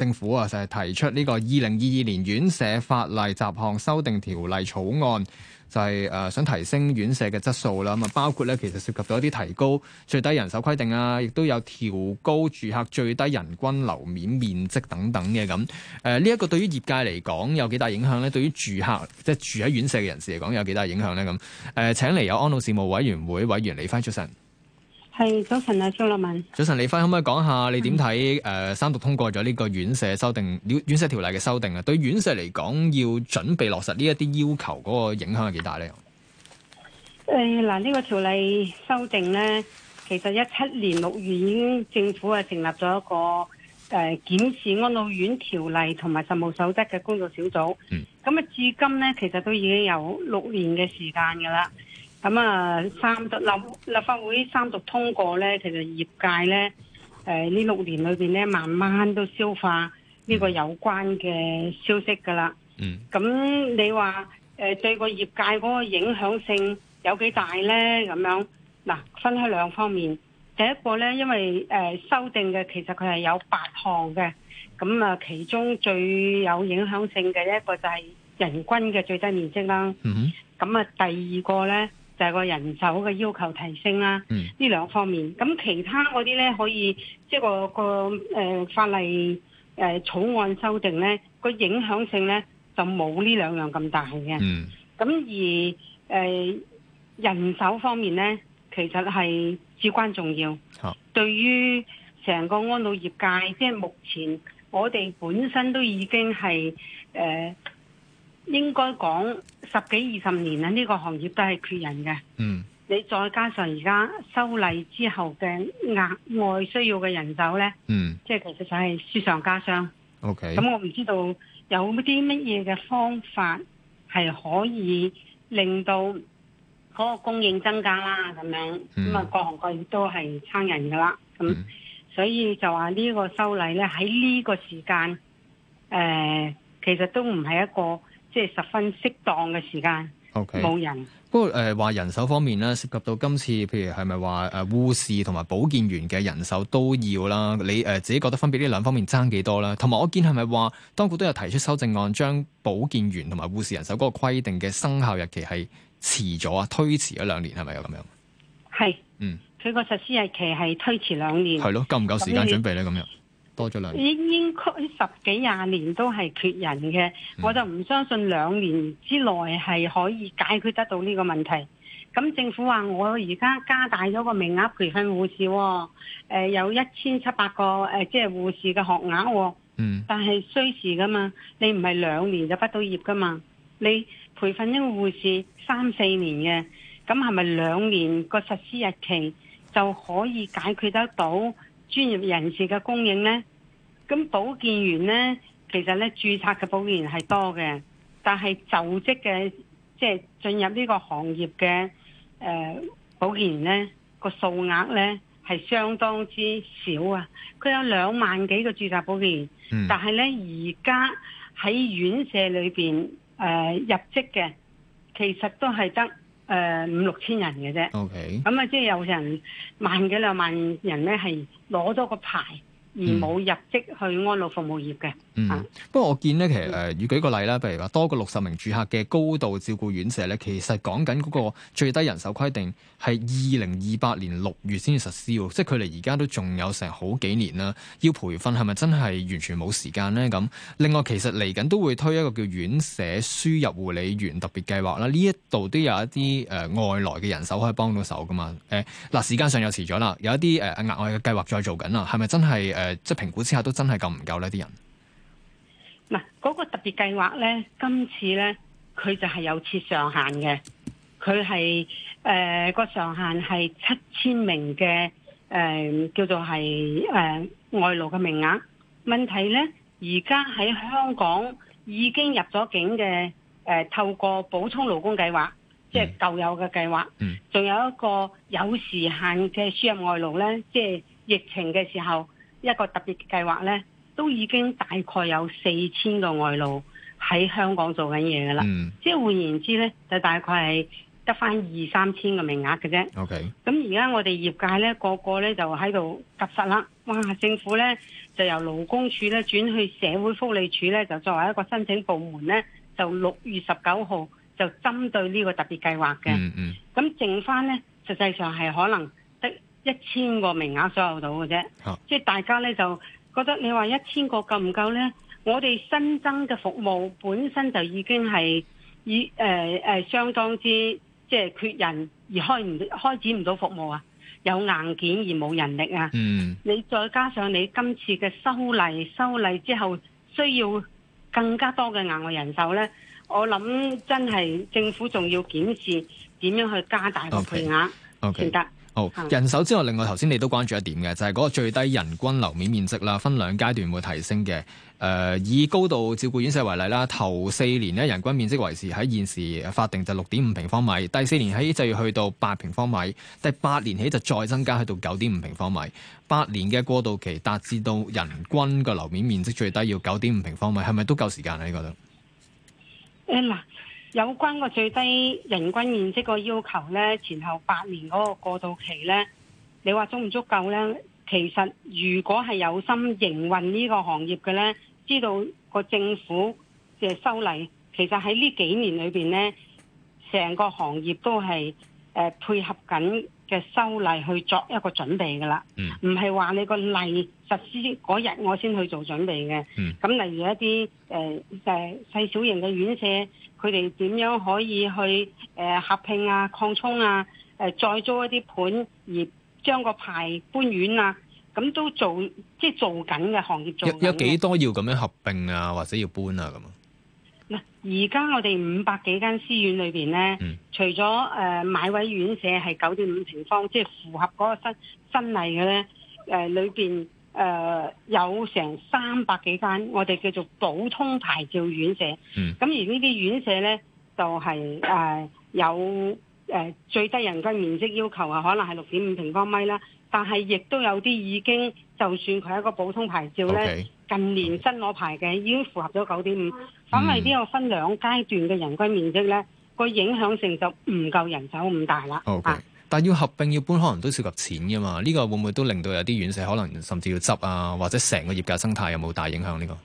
政府啊，就係、是、提出呢個二零二二年院舍法例雜項修訂條例草案，就係、是、誒、呃、想提升院舍嘅質素啦。咁啊，包括咧其實涉及到一啲提高最低人手規定啊，亦都有調高住客最低人均樓面面積等等嘅咁。誒、呃，呢、這、一個對於業界嚟講有幾大影響咧？對於住客即係、就是、住喺院舍嘅人士嚟講有幾大影響咧？咁、呃、誒，請嚟有安老事務委員會委員李輝出神。係早晨啊，蘇立文。早晨，李輝，可唔可以講下你點睇誒？三讀通過咗呢個院舍修訂院舍條例嘅修訂啊？對院舍嚟講，要準備落實呢一啲要求，嗰個影響係幾大咧？誒，嗱，呢個條例修訂咧，其實一七年六月已經政府係成立咗一個誒檢視安老院條例同埋實務守則嘅工作小組。嗯。咁啊，至今咧，其實都已經有六年嘅時間噶啦。咁啊，三讀立立法會三讀通過咧，其實業界咧，誒、呃、呢六年裏面咧，慢慢都消化呢個有關嘅消息噶啦。嗯。咁你話誒、呃、對個業界嗰個影響性有幾大咧？咁樣嗱、呃，分開兩方面，第一個咧，因為誒修訂嘅其實佢係有八項嘅，咁啊其中最有影響性嘅一個就係人均嘅最低面積啦。嗯哼。咁啊，第二個咧。就係個人手嘅要求提升啦，呢、嗯、兩方面。咁其他嗰啲咧可以，即係個個誒、呃、法例誒、呃、草案修訂咧，個影響性咧就冇呢兩樣咁大嘅。咁、嗯、而誒、呃、人手方面咧，其實係至關重要。啊、對於成個安老業界，即係目前我哋本身都已經係誒。呃應該講十幾二十年啊，呢個行業都係缺人嘅。嗯，你再加上而家修例之後嘅額外需要嘅人手呢，嗯，即係其實就係雪上加霜。O K. 咁我唔知道有啲乜嘢嘅方法係可以令到嗰個供應增加啦，咁樣咁啊，嗯、各行各業都係撐人噶啦。咁、嗯、所以就話呢個修例呢，喺呢個時間，誒、呃，其實都唔係一個，即係十分適當嘅時間，冇 Okay. 人。不過誒話人手方面啦，涉及到今次，譬如係咪話誒護士同埋保健員嘅人手都要啦？你誒、呃、自己覺得分別呢兩方面爭幾多啦？同埋我見係咪話當局都有提出修正案，將保健員同埋護士人手嗰個規定嘅生效日期係遲咗啊？推遲咗兩年係咪有咁樣？係是，嗯，佢個實施日期係推遲兩年，係咯？夠唔夠時間準備咧？咁年樣？應該十幾廿年都係缺人嘅，嗯、我就唔相信兩年之內係可以解決得到呢個問題。咁政府話我而家加大咗個名額培訓護士，誒、呃、有一千七百個誒即係護士嘅學額，嗯，但係需時㗎嘛？你唔係兩年就畢到業㗎嘛？你培訓一個護士三四年嘅，咁係咪兩年個實施日期就可以解決得到專業人士嘅供應呢？咁保健員咧，其實咧註冊嘅保健員係多嘅，但係就職嘅即係進入呢個行業嘅誒、呃、保健員咧個數額咧係相當之少啊！佢有兩萬幾個註冊保健員，嗯、但係咧而家喺院舍裏邊誒、呃、入職嘅，其實都係得誒五六千人嘅啫。OK，咁啊，即係有人萬幾兩萬人咧，係攞咗個牌。而冇入職去安老服務業嘅。嗯。嗯，不過我見呢，其實誒，以、呃、舉個例啦，譬如話多過六十名住客嘅高度照顧院舍呢，其實講緊嗰個最低人手規定係二零二八年六月先至實施喎，即係佢哋而家都仲有成好幾年啦。要培訓係咪真係完全冇時間呢？咁另外其實嚟緊都會推一個叫院舍輸入護理員特別計劃啦。呢一度都有一啲誒、呃、外來嘅人手可以幫到手㗎嘛。誒、呃、嗱，時間上又遲咗啦，有一啲誒、呃、額外嘅計劃再做緊啦，係咪真係？呃誒，即係、呃、評估之下都真係夠唔夠呢啲人唔係嗰個特別計劃咧，今次咧佢就係有設上限嘅，佢係誒個上限係七千名嘅誒、呃、叫做係誒、呃、外勞嘅名額。問題咧，而家喺香港已經入咗境嘅誒、呃，透過補充勞工計劃，即係舊有嘅計劃，嗯，仲有一個有時限嘅輸入外勞咧，即、就、係、是、疫情嘅時候。一個特別計劃咧，都已經大概有四千個外勞喺香港做緊嘢㗎啦。Mm. 即係換言之咧，就大概係得翻二三千個名額嘅啫。OK。咁而家我哋業界咧，個個咧就喺度急實啦。哇！政府咧就由勞工處咧轉去社會福利處社會福利署咧，就作為一個申請部門咧，就六月十九號就針對呢個特別計劃嘅。咁、mm hmm. 剩翻咧，實際上係可能。一千個名額所有到嘅啫，oh. 即係大家呢就覺得你話一千個夠唔夠呢？我哋新增嘅服務本身就已經係以誒誒、呃呃、相當之即係缺人而開唔開展唔到服務啊，有硬件而冇人力啊。嗯，mm. 你再加上你今次嘅修例修例之後，需要更加多嘅額外人手呢，我諗真係政府仲要檢視點樣去加大個配額先得。Okay. Okay. 好人手之外，另外頭先你都關注一點嘅，就係、是、嗰個最低人均樓面面積啦，分兩階段會提升嘅。誒、呃，以高度照顧院舍為例啦，頭四年咧人均面積維持喺現時法定就六點五平方米，第四年起就要去到八平方米，第八年起就再增加去到九點五平方米。八年嘅過渡期達至到人均個樓面面積最低要九點五平方米，係咪都夠時間啊？你覺得？有關個最低人均面積個要求呢，前後八年嗰個過渡期呢，你話足唔足夠呢？其實如果係有心營運呢個行業嘅呢，知道個政府嘅修例，其實喺呢幾年裏邊，呢成個行業都係配合緊嘅修例去作一個準備嘅啦，唔係話你個例實施嗰日我先去做準備嘅。咁、嗯、例如一啲誒誒細小型嘅院舍，佢哋點樣可以去誒、呃、合併啊、擴充啊、誒、呃、再租一啲盤而將個牌搬院啊，咁都做即係做緊嘅行業做緊。有幾多要咁樣合併啊，或者要搬啊咁嗱，而家我哋五百幾間私院裏面咧，除咗誒買位院舍係九點五平方，即係符合嗰個新新例嘅咧，誒裏面誒有成三百幾間，我哋叫做普通牌照院舍。咁、嗯、而呢啲院舍咧，就係誒有誒最低人均面積要求啊，可能係六點五平方米啦，但係亦都有啲已經就算佢係一個普通牌照咧。Okay. 近年新攞牌嘅已經符合咗九點五，反而呢個分兩階段嘅人均面積咧，個影響性就唔夠人手咁大啦。O K，但係要合併要搬，可能都涉及錢㗎嘛？呢個會唔會都令到有啲院舍可能甚至要執啊？或者成個業界生態有冇大影響呢個？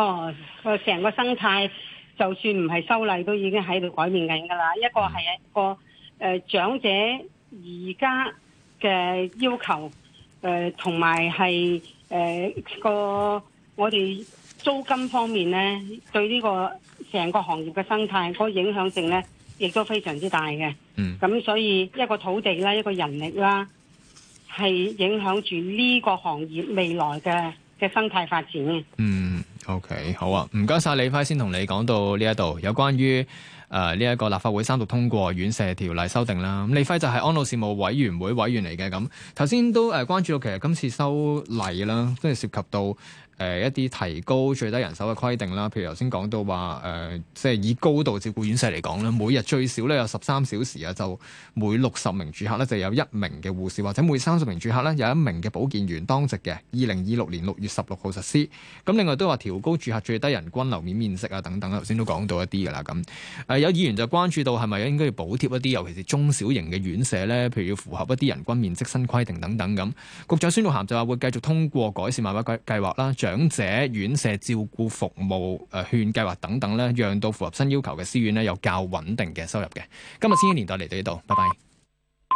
哦，誒，成個生態就算唔係修例，都已經喺度改變緊㗎啦。一個係一個誒長者而家嘅要求，誒同埋係。誒，呃那個我哋租金方面咧，對呢個成個行業嘅生態嗰個影響性咧，亦都非常之大嘅。嗯，咁所以一個土地啦，一個人力啦，係影響住呢個行業未來嘅嘅生態發展。嗯。O.K. 好啊，唔該晒。李輝，先同你講到呢一度有關於呢一、呃這個立法會三讀通過院舍條例修訂啦。咁、嗯、李輝就係安老事務委員會委員嚟嘅，咁頭先都誒、呃、關注到，其實今次修例啦，都係涉及到，呃、一啲提高最低人手嘅規定啦，譬如頭先講到話、呃、即係以高度照顧院舍嚟講呢，每日最少呢有十三小時啊，就每六十名住客呢就有一名嘅護士或者每三十名住客呢有一名嘅保健員當值嘅。二零二六年六月十六號實施。咁另外都話調高住客最低人均樓面面積啊等等，頭先都講到一啲嘅啦咁。呃、有議員就關注到係咪應該要補貼一啲尤其是中小型嘅院舍呢？譬如要符合一啲人均面積新規定等等咁。局長孫玉菡就話會繼續通過改善買位計劃啦。長者院舍照顧服務誒，勸計劃等等咧，讓到符合新要求嘅私院咧，有較穩定嘅收入嘅。今日千禧年代嚟到呢度，拜拜。